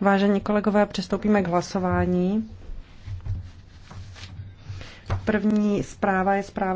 Vážení kolegové, přistoupíme k hlasování. První zpráva je zpráva